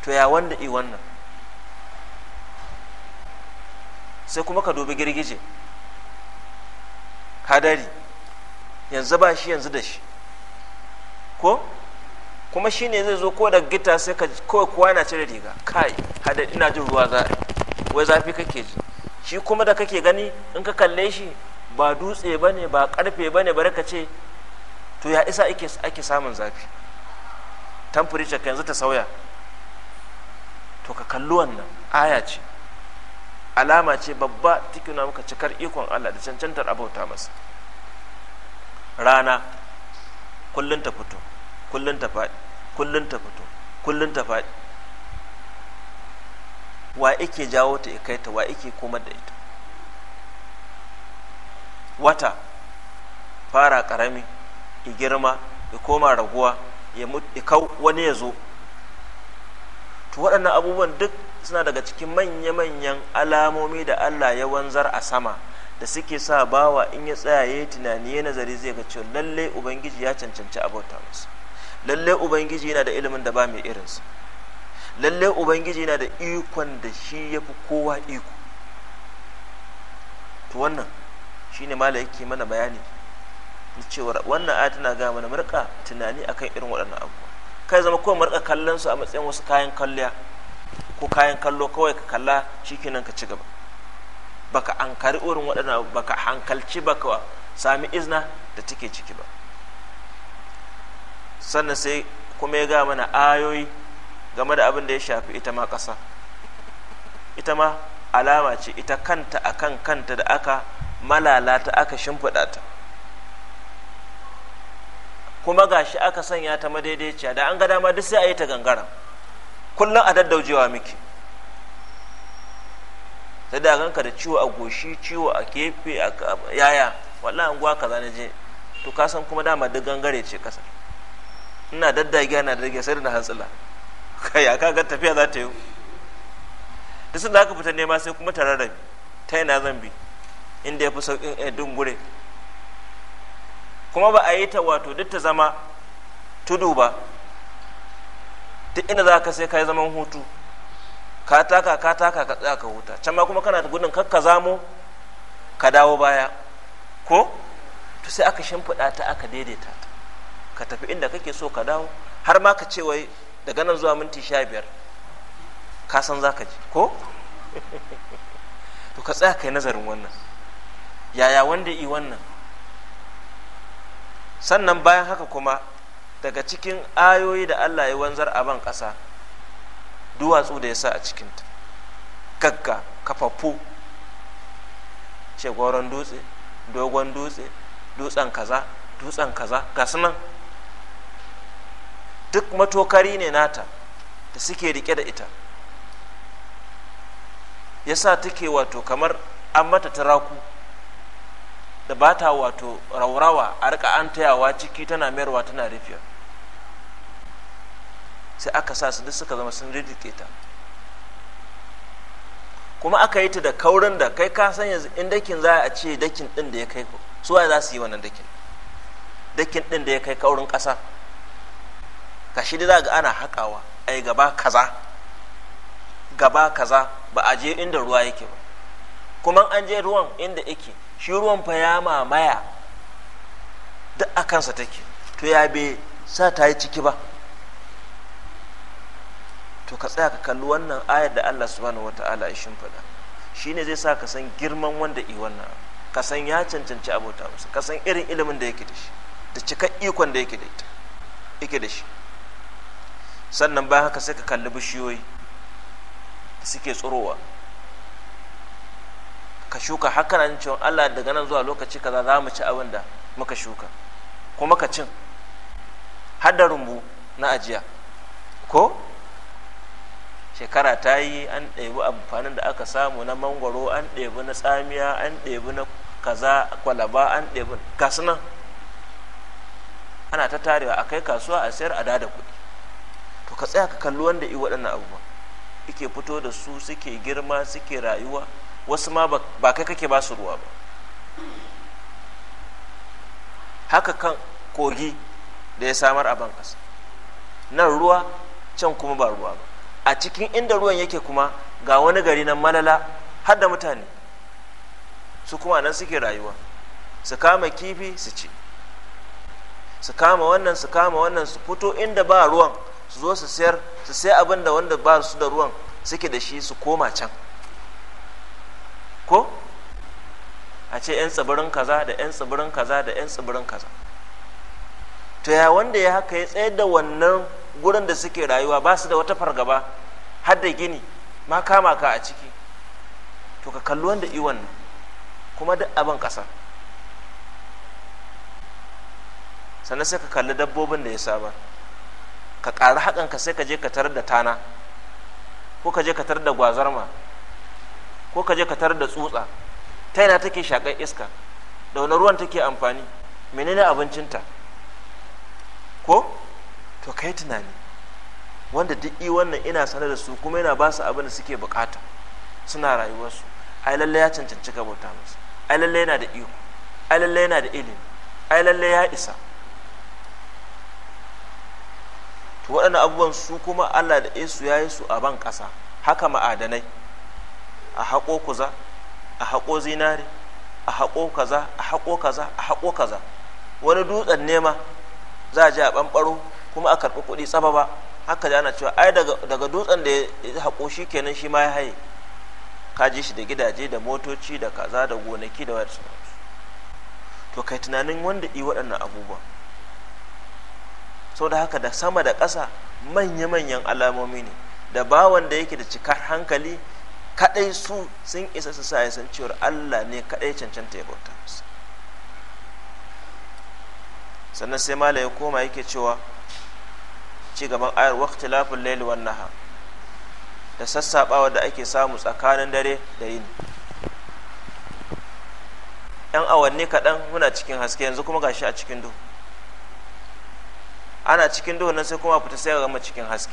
[SPEAKER 1] to ya wanda i wannan sai kuma ka dubi girgije hadari yanzu ba shi yanzu da shi ko kuma shi ne zai zo ko da gita sai ka ko kuwa na cire riga kai hada ina jin ruwa za wai zafi kake ji shi kuma da kake gani in ka kalle shi ba dutse bane ba karfe bane bare ka ce to ya isa ake ake samun zafi temperature ka yanzu ta sauya to ka kalli wannan aya ce alama ce babba tikina muka cikar ikon Allah da cancantar abauta masa rana kullum ta fito kullun ta faɗi kullun ta fito kullun ta faɗi wa yake jawo ta kai ta wa yake komar da ita wata fara ƙarami i girma i koma raguwa ya kau wani ya zo to waɗannan abubuwan duk suna daga cikin manya-manyan alamomi da allah ya wanzar a sama da suke sa bawa in ya tsaya ya yi tunani ya nazari zai ga cewa lalle ubangiji ya cancanci abota musu Lallai ubangiji yana da ilimin da ba mai irinsa lallai ubangiji yana da ikon da shi ya fi kowa iko to wannan ne mala yake mana bayani da cewar wannan aya tana ga mana murka tunani akan irin waɗannan abubuwa kai zama kawai murka kallon su a matsayin wasu kayan kalliya ko kayan kallo kawai ka kalla shikenan ka ci gaba baka ankari irin waɗannan baka hankalci baka sami izna da take ciki ba sannan sai kuma ya ga mana ayoyi game da abin da ya shafi ita ma ƙasa ita ma alama ce ita kanta a kan kanta da aka malalata aka shimfiɗa ta kuma gashi aka sanya ta madaidaiciya da an ga dama duk sai a yi ta gangara kullum a daddaujewa miki sai da da ciwo a goshi ciwo a kefe a yaya wallah anguwa kaza na je to kasan kuma dama duk gangare ce kasar ina daddage yana daddage sai da na hantsila kai ya kaga tafiya za ta yi duk sun da aka fita nema sai kuma tare da ta yana zan bi inda ya fi sauƙin edin eh, gure kuma ba a yi ta wato duk ta zama tudu ba duk inda za ka sai ka yi zaman hutu ka taka ka taka ka tsaya ka huta can ma kuma kana gudun kar ka zamo ka dawo baya ko to sai aka shimfiɗa ta aka daidaita ta ka tafi inda kake so ka dawo har ma ka ce wai daga nan zuwa minti sha biyar ka san za ka ji ko to ka tsaya ka yi nazarin wannan yaya wanda i wannan sannan bayan haka kuma daga cikin ayoyi da allah ya wanzar a ban ƙasa duwatsu da ya sa a cikinta gagga kafafu shegoron dutse dogon dutse dutsen kaza dutsen kaza ga nan duk matokari ne nata da suke rike da ita ya yasa take wato kamar an mata turaku da ba ta wato raurawa a rika an tayawa ciki tana mayarwa tana rufiya sai aka sa su duk suka zama sun riƙe ta kuma aka yi ta da kaurin da kai ka san yanzu in dakin za a ce dakin din da ya kai suwa za su yi wannan dakin dakin din da ya kai kaurin ƙasa ka shi za ga ana haƙawa ai gaba kaza gaba kaza ba a je inda ruwa yake ba kuma an je ruwan inda yake shi ruwan fa ya mamaya duk a kansa take to ya be sa ta yi ciki ba to ka tsaya ka kalli wannan ayar da Allah subhanahu wata'ala ya shimfiɗa shine zai sa ka san girman wanda i wannan ka san ya cancanci abota ka san irin ilimin da yake da shi da cika ikon da yake da yake da shi sannan bayan haka sai ka kalli bishiyoyi da suke tsurowa ka shuka hakanan cewa Allah daga nan zuwa lokaci kaza za mu ci abin da muka shuka kuma ka cin har na ajiya ko shekara ta yi an ɗebi amfanin da aka samu na mangwaro an ɗebi na tsamiya an ɗebi na kaza kwalaba an ɗebi nan ana ta tarewa a kai kasuwa a sayar a dada kuɗi to ka tsaya ka kalli wanda i waɗannan abubuwa ike fito da su suke girma suke rayuwa wasu ma ba kai kake ba su ruwa ba haka kan kogi da ya samar a bankasa nan ruwa can kuma ba ruwa ba a cikin inda ruwan yake kuma ga wani gari nan malala har da mutane su kuma nan suke rayuwa su kama kifi su ci su kama wannan su kama wannan su fito inda ba ruwan su zo su sayar su sai abin da wanda ba su da ruwan suke da shi su koma can ko a ce 'yan tsibirin kaza da 'yan tsibirin kaza da 'yan tsibirin kaza to ya wanda ya haka ya tsayar da wannan gurin da suke rayuwa ba su da wata fargaba har da gini ma kama ka a ciki to ka kalli wanda iwon nan kuma duk abin ƙasa sannan sai ka kalli dabbobin da ya saba ka ƙari haƙan ka sai ka je ka tarar da tana ko ka je ka tarar da gwazarma ko ka je ka tarar da tsutsa ta yana take shaƙar iska da wani ruwan take amfani menene abincinta ko to kai tunani wanda duk i wannan ina sanar da su kuma yana ba su abin da suke bukata suna rayuwarsu ai lalle ya cancanci ka musu ai lalle yana da iko ai lalle yana da ilimi ai lalle ya isa to waɗannan abubuwan su kuma Allah da Yesu ya yi su a ban ƙasa haka ma'adanai a haƙo kuza a haƙo zinari a haƙo kaza a haƙo kaza a haƙo kaza wani dutsen nema za a je a ɓanɓaro kuma a karɓi kuɗi tsaba ba haka da ana cewa ai daga dutsen da ya haƙo shi kenan shi ma ya haye ka ji shi da gidaje da motoci da kaza da gonaki da wayar to kai tunanin wanda i waɗannan abubuwan. sau da haka da sama da ƙasa manya-manyan alamomi ne da bawan da yake da cikar hankali kaɗai su sun isa su sa san cewar Allah ne kaɗai cancanta ya bauta musu sannan sai mala ya koma yake cewa ci gaban ayar lafin laili wan da sassaɓawa da ake samu tsakanin dare da yini yan awanni kaɗan muna cikin haske yanzu kuma gashi a cikin duhu ana cikin duhun nan sai kuma fita sai gama cikin haske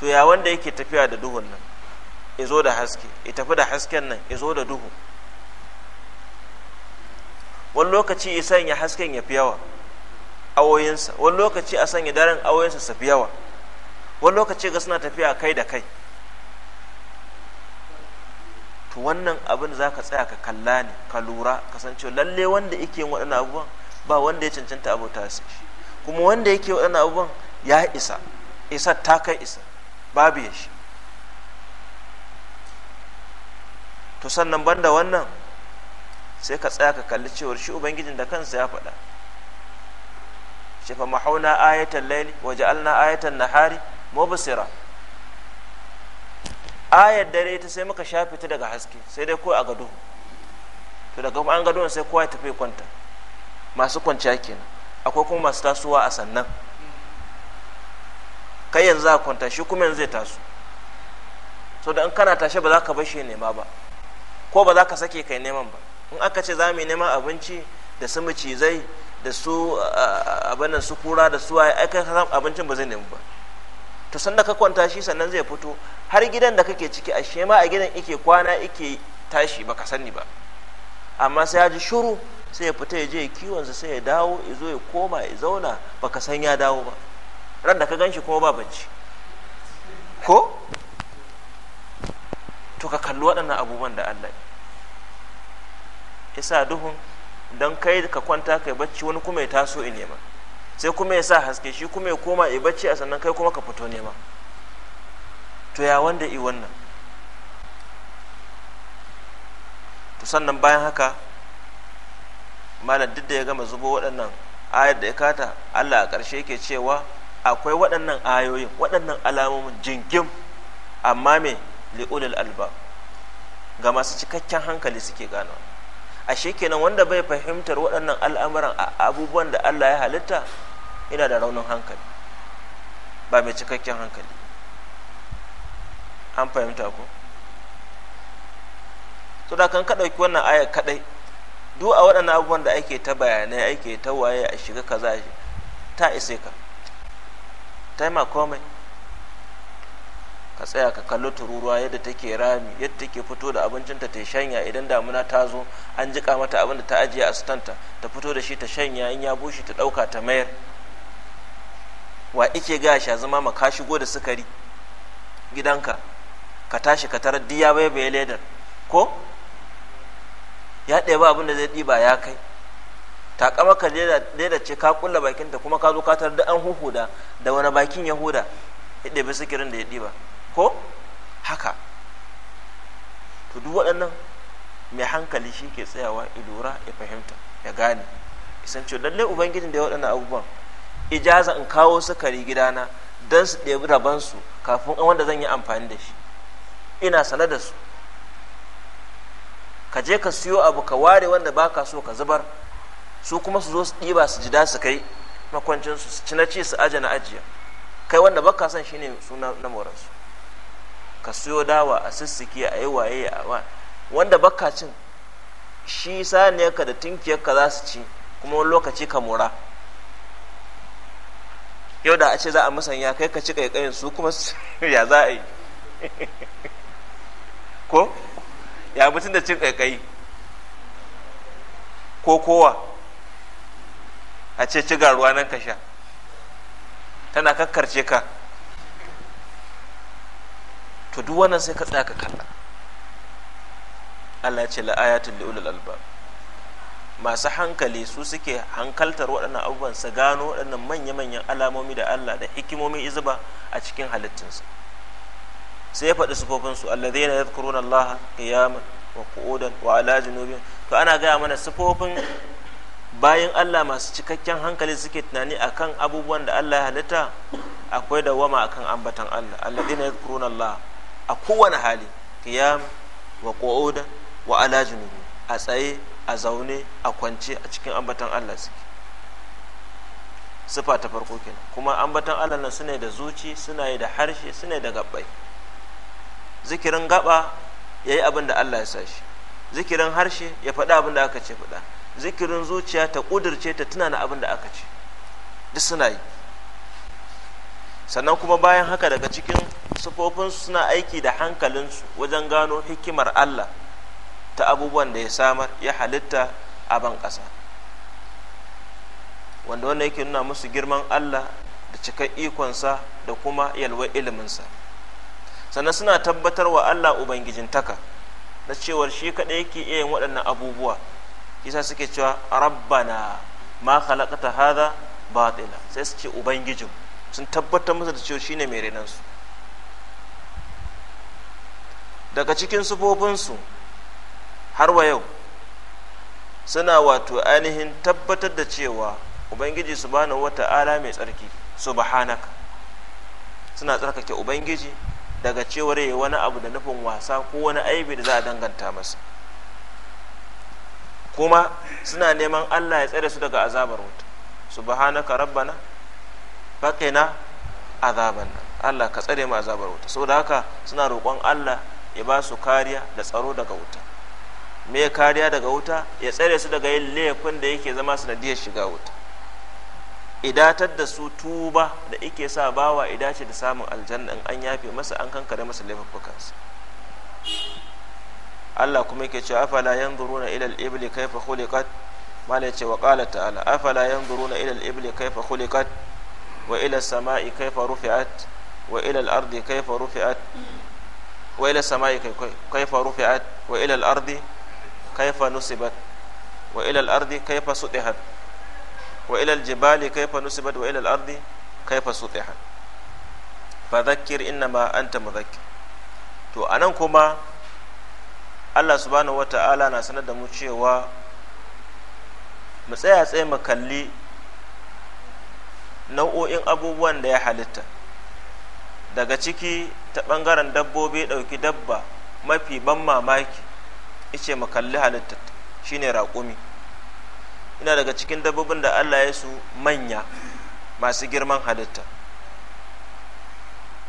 [SPEAKER 1] to ya wanda yake tafiya da duhun nan zo da haske ya tafi da hasken nan ya zo da duhu wani lokaci ya sanya hasken ya fi yawa awoyinsa wani lokaci a sanya daren awoyinsa su fi yawa wani lokaci ga suna tafiya kai da kai to wannan abin za ka tsaya ka kalla ne ka lura kasancewa lalle wanda yake yin waɗannan abubuwan ba wanda ya cancanta abota su shi kuma wanda yake waɗannan abubuwan ya isa isa ta kai isa babu ya shi to sannan banda wannan sai ka tsaya ka kalli cewar shi ubangijin da kansa ya faɗa Shafa mahauna ayatan laili waje alna ayatan nahari mubsira ayar dare ta sai muka shafe ta daga haske sai dai ko a gado to daga an gado sai kowa ya tafi kwanta masu kwanciya kenan akwai kuma masu tasowa a sannan kai yanzu a kwanta shi kuma yanzu zai taso so da in kana tashe ba za ka bar nema ba ko ba za ka sake kai neman ba in aka ce za mu neman abinci da su macizai da su ah, abinan su kura da su waye ai kai abincin ba zai nemi ba to sanda ka kwanta shi sannan zai fito har gidan da kake ciki a shema a gidan ike kwana ike tashi baka sani ba amma sai ya ji shuru sai ya fita ya je kiwonsa sai ya dawo ya zo ya koma ya zauna baka san ya dawo ba ran da ka gan kuma ba bacci ko to ka kalli waɗannan abubuwan da Allah ya sa duhun don kai ka kwanta kai bacci wani kuma ya taso in nema sai kuma ya sa haske shi kuma ya koma ya bacci a sannan kai kuma ka fito nema to ya wanda i wannan sannan bayan haka malam duk da ya gama zubo waɗannan ayar da ya kata allah a ƙarshe ke cewa akwai waɗannan ayoyin waɗannan alamomin jingim amma me li'ulil alba ga masu cikakken hankali suke gano ashe kenan wanda bai fahimtar waɗannan al'amuran a abubuwan da allah ya halitta yana da raunin hankali ba mai cikakken hankali an fahimta ko to da kan ka ɗauki wannan aya kaɗai duk a waɗannan abubuwan da ake ta bayanai ake ta waye a shiga kaza ta ise ka ta ma komai ka tsaya ka kalli tururuwa yadda take rami yadda take fito da abincinta ta shanya idan damuna ta zo an jika mata abin da ta ajiye a stanta ta fito da shi ta shanya in ya bushe ta ɗauka ta mayar wa ike gasha zama ma ka shigo da sukari gidanka ka tashi ka tarar diya bai bai ledar ko ya ɗeba abin da zai ɗiba ya kai takamakar daida ce ka kulla bakinta kuma ka zo ka tarar da an huhu da wani bakin yahuda ya ɗebi sikirin da ya ɗiba ko haka to duk waɗannan mai hankali shi ke tsayawa ilura ya fahimta ya gane isan ce lalle ubangijin da ya waɗannan abubuwan ijaza in kawo sukari gidana don su ɗebi rabansu kafin wanda zan yi amfani da shi ina sane da su ka je ka siyo abu ka ware wanda baka so ka zubar su kuma su zo su ɗiba su ji da su kai makwancinsu su ci na ci su aje na ajiya kai wanda baka son shine suna na moransu ka siyo dawa a sissike a yi waye a wa wanda baka cin shi ka da tinkiyarka za su ci kuma wani lokaci ka mura yau da a ce za a musanya kai ka ci kaikayin su kuma ya za a yi ko ya mutum da cin kai-kai ko kowa a ce ci ruwa nan ka sha tana kakkarce ka to duk wannan sai ka tsaya ka kalla Allah ce la'ayatul liulul albab masu hankali su suke hankaltar waɗannan abubuwan su gano waɗannan manya-manyan alamomi da Allah da hikimomin izuba a cikin halittunsa sai ya faɗi sifofinsu allazina yadhkuruna allaha qiyaman wa qu'udan wa ala junubin to ana gaya mana sufofin bayan Allah masu cikakken hankali suke tunani akan abubuwan da Allah ya halitta akwai dawama akan ambatan Allah alladhina yadhkuruna Allah a kowane hali qiyam wa qu'udan wa ala junubi a tsaye a zaune a kwance a cikin ambatan Allah suke sifa ta farko kenan kuma ambatan Allah nan suna da zuci suna da harshe suna da gabbai zikirin gaba ya yi abin da Allah ya sashi zikirin harshe ya faɗi abin da aka ce faɗa zikirin zuciya ta ƙudurce ta na abin da aka ce duk suna yi sannan kuma bayan haka daga cikin sufofinsu suna aiki da hankalinsu wajen gano hikimar Allah ta abubuwan da ya samar ya halitta a ban ƙasa wanda wannan yake nuna musu girman Allah da cikar ikonsa da kuma yalwar iliminsa sannan suna tabbatar wa Allah ubangijintaka na cewar shi kaɗai yake iya yin waɗannan abubuwa yasa suke cewa rabbana ma khalaqta hadha batila sai su ce ubangijin sun tabbatar musu da cewa shine mai su daga cikin su har wa yau suna wato ainihin tabbatar da cewa ubangiji subhanahu wata'ala mai tsarki subhanaka suna tsarkake ubangiji daga cewar ya wani abu da nufin wasa ko wani aibi da za a danganta masa kuma suna neman allah ya tsare su daga azabar wuta subhanaka rabbana faqina azaban allah ka tsare mu azabar wuta saboda haka suna roƙon allah ya ba su kariya da tsaro daga wuta me kariya daga wuta ya tsare su daga yin laifin da yake zama sanadiyar shiga wuta idatar da su tuba da ike sa bawa idace da samun aljanna in an yafe masa an kankare masa laifuffukansa Allah kuma yake cewa afala yanzuruna ila al-ibli kayfa khuliqat mala yace wa qala ta'ala afala yanzuruna ila al-ibli kayfa khuliqat wa ila as-sama'i kayfa rufi'at wa ila al-ardi kayfa rufi'at wa ila as-sama'i kayfa rufi'at wa ila al-ardi kayfa nusibat wa ila al-ardi kayfa sudihat wa ilal jibali kaifa nusibat wa ilal ardi kaifa sutihat fa dhakkir innama anta mudhakkir to anan kuma Allah subhanahu wata'ala na sanar da mu cewa mu tsaya tsaye mu kalli nau'o'in abubuwan da ya halitta daga ciki ta ɓangaren dabbobi ɗauki dabba mafi ban mamaki ice mu kalli halitta shine raƙumi ina daga cikin dabbobin da Allah ya su manya masu girman halitta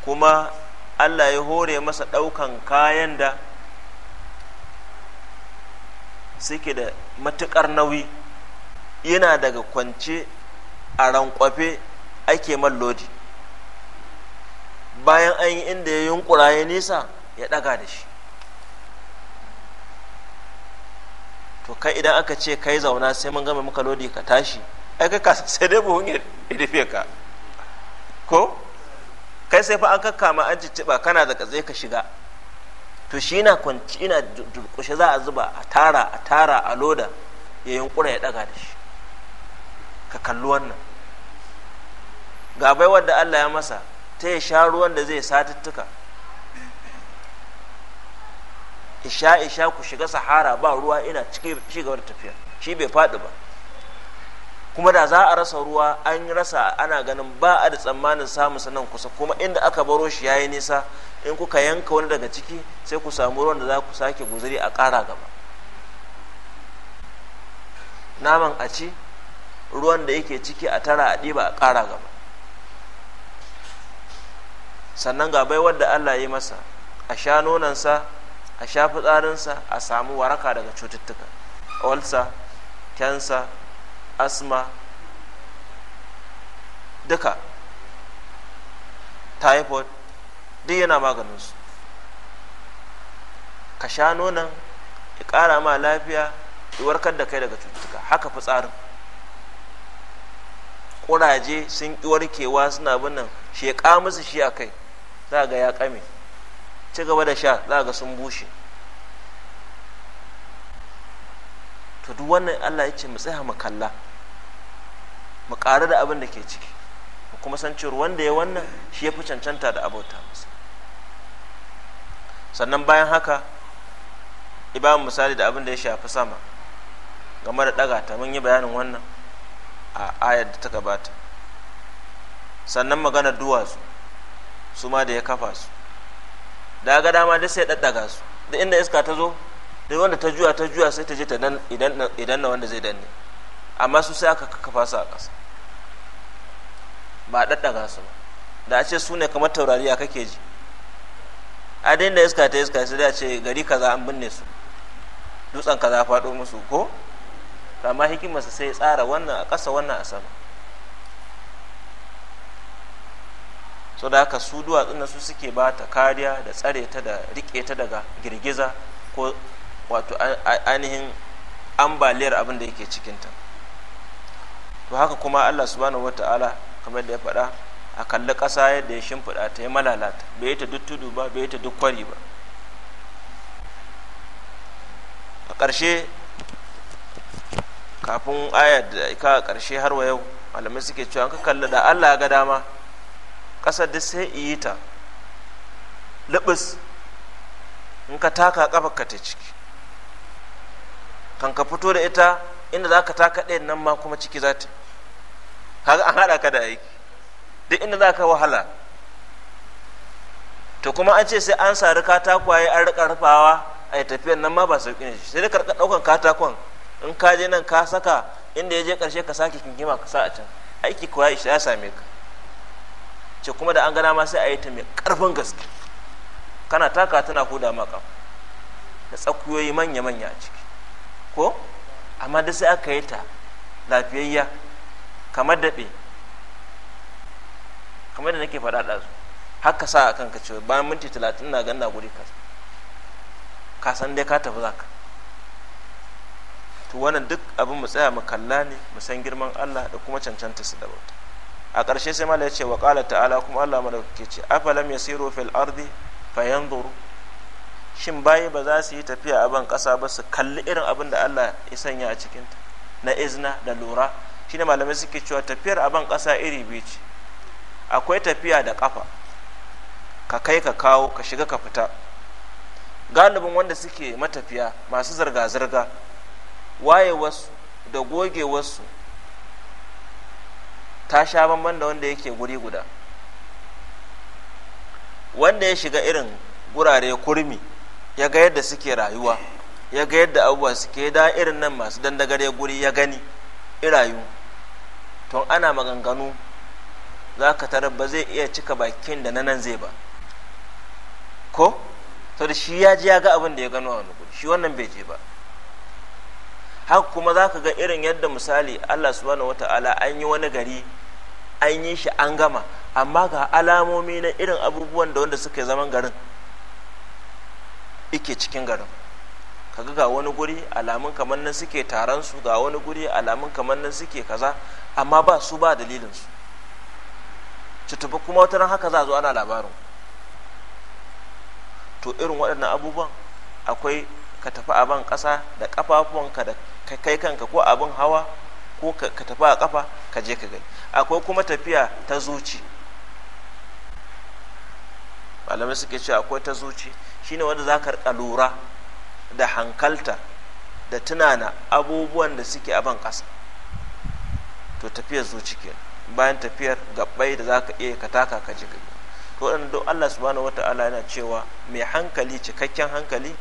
[SPEAKER 1] kuma Allah ya hore masa ɗaukan kayan da suke da matuƙar nauyi yana daga kwance a rankwafe ake mallodi bayan an yi inda ya yunkura ya nisa ya ɗaga da shi to kai idan aka ce kai zauna sai mun gama muka lodi ka tashi ai kai sai dai buhun idife ka ko kai sai fa an kakka ma an cicciba kana da kaze ka shiga to shi na kwanci ina dukushe za a zuba a tara a tara a loda ya yunkura ya daga da shi ka kalli wannan ga bai wanda Allah ya masa ta ya sha ruwan da zai satuttuka isha isha ku shiga sahara ba ruwa ina ci tafiya shi bai faɗi ba kuma da za a rasa ruwa an rasa ana ganin ba a da tsammanin samun sanan kusa kuma inda aka baro shi yayi nisa in kuka yanka wani daga ciki sai ku samu ruwan da za ku sake guzuri a ƙara gaba naman a ci ruwan da yake ciki a tara a ɗiba a ƙara gaba sannan ga bai wanda allah ya yi masa a sha nonansa a sha fitsarinsa a samu waraka daga cututtuka olsa kyansa asma duka typhoid duk yana maganinsu ka sha nonon ya kara ma lafiya ya warkar da kai daga cututtuka haka fitsarin ƙuraje sun ƙi warkewa suna binnan sheƙa musu shi a kai za ga ya ƙame ci gaba da sha za ga sun bushe to duk wannan Allah ya ce mu tsaya mu kalla mu ƙara da abin da ke ciki mu kuma san cewa wanda ya wannan shi ya fi cancanta da abota masa sannan bayan haka ibamu misali da abin da ya shafi sama game da ɗaga ta mun yi bayanin wannan a ayar da ta gabata sannan magana duwatsu su ma da ya kafa su da ga dama da sai daddaga su duk inda iska ta zo duk wanda ta juya ta juya sai ta je ta dan idan na wanda zai danne amma su sai aka kafa su a ƙasa ba daddaga su ba da a ce su ne kamar taurari a kake ji a da inda iska ta iska sai da ce gari kaza an binne su dutsen kaza faɗo musu ko amma hikimarsa sai tsara wannan a ƙasa wannan a sama so da haka su duwatsu na su suke ba ta kariya da tsare ta da rike ta daga girgiza ko wato ainihin ambaliyar abin da yake cikinta to haka kuma allah subhanahu ta'ala kamar da ya faɗa a kalli ƙasa yadda ya shimfiɗa ta ya malalata bai ta duk tudu ba bai ta duk kwari ba a ƙarshe kafin ayar da ka ƙarshe har wa yau malamai suke cewa an ka kalli da allah ga dama Ƙasa duk sai yi ta lubus in ka taka ƙafa ka ta ciki kan ka fito da ita inda za ka taka ɗayan nan ma kuma ciki za ta kaga an haɗa ka da aiki duk inda za ka wahala to kuma an ce sai an sari katakwaye an rika rufawa a tafiyan nan ma ba sauƙi ne sai da karɓar ɗaukan katakon in ka je nan ka saka inda ya je ƙarshe ka sake kingima ka sa a can aiki kuwa ya same ka ce kuma da an gana ma sai a yi ta mai karfin gaske kana taka tana huda maka da tsakuyoyi manya-manya a ciki ko amma da sai aka yi ta lafiyayya kamar daɓe kamar da nake faɗaɗa su. haka sa a kanka cewa bayan minti talatin na ganna guri ka ka san dai ka tafi zaka to wannan duk abin mu tsaya mu kalla ne mu san girman Allah da kuma cancanta su da bauta a ƙarshe sai mala ya ce wa ƙala ta'ala kuma Allah madaukake ce afalam yasiru fil ardi fayanzuru shin bayi ba za su yi tafiya a ban ƙasa ba su kalli irin abin da Allah ya sanya a cikinta na izna da lura shine malamai suke cewa tafiyar a ban ƙasa iri biyu ce akwai tafiya da ƙafa ka kai ka kawo ka shiga ka fita galibin wanda suke matafiya masu zirga-zirga wayewarsu da gogewarsu ta sha bamban da wanda yake guri guda wanda ya shiga irin gurare kurmi ya ga yadda suke rayuwa ya ga yadda abubuwa suke da irin nan masu dandagare guri ya gani irayu tun ana maganganu za ka tarar ba zai iya cika bakin da na nan zai ba ko to da shi ya ji ya ga abin da ya gano wani guri shi wannan bai je ba har kuma za ka ga irin yadda misali allah subhanahu wata'ala an yi wani gari an yi shi an gama amma ga alamomi na irin abubuwan da wanda suka yi zaman garin ike cikin garin kaga ga wani guri alamun kamar nan suke taron su ga wani guri alamun kamar nan suke kaza amma ba su ba dalilin su cutuba kuma wata ran haka za zo ana labarin to irin waɗannan abubuwan akwai ka tafi a ban ƙasa da ƙafafuwanka da ka kai kanka ko abin hawa ko ka tafi a kafa ka je ka gani akwai kuma tafiya ta zuci malamai suke cewa akwai ta zuci shine wanda za ka rika lura da hankalta da tunana abubuwan da suke a ban ƙasa to tafiyar zuci ke bayan tafiyar gabbai da za ka iya ka taka ka ji to waɗanda Allah subhanahu wata'ala yana cewa mai hankali cikakken hankali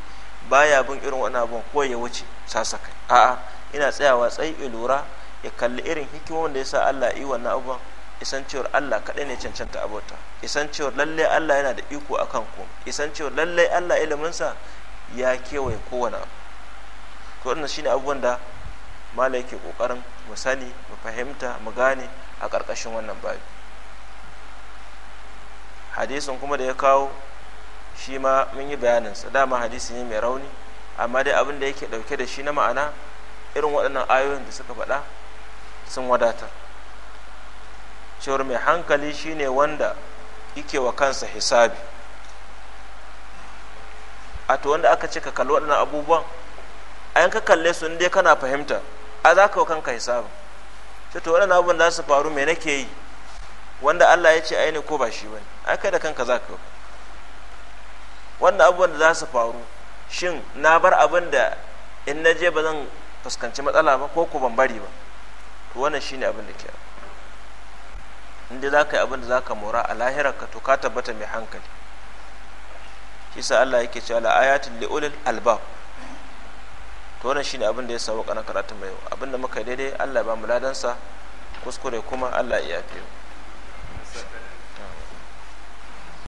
[SPEAKER 1] baya bin irin wani abun ko ya wuce kai a'a ina tsayawa tsayi ya lura ya kalli irin hikimomin da sa Allah yi wannan abun isan cewar Allah kaɗai ne cancanta abota isan cewar lalle Allah yana da iko akan ku isan cewar lalle Allah iliminsa ya kewaye kowane abu to wannan shine abubuwan da malai ke kokarin mu sani mu fahimta mu gane a ƙarƙashin wannan babu hadisin kuma da ya kawo shi ma mun yi bayaninsa dama hadisi ne mai rauni amma dai abin da yake ɗauke da shi na ma'ana irin waɗannan ayoyin da suka faɗa sun wadatar cewar mai hankali shine wanda yake wa kansa hisabi a to wanda aka ce ka kalli waɗannan abubuwan a yanka kalle su dai kana fahimta a za ka wa kanka hisabin sai to waɗannan abubuwan za su faru me nake yi wanda Allah ya ce aini ko ba shi bane ai kai da kanka za ka yi wannan abubuwan da za su faru shin na bar abin da in na je ba zan fuskanci matsala ba ko ku ban bari ba to wannan shine abin da ke inda za ka yi abin da za ka mora a ka to ka tabbata mai hankali shi sa Allah yake cewa la ayatul liulil albab to wannan shine abin da ya samu kana karatu mai abin da muka yi daidai Allah ba mu ladansa kuskure kuma Allah ya yafe mu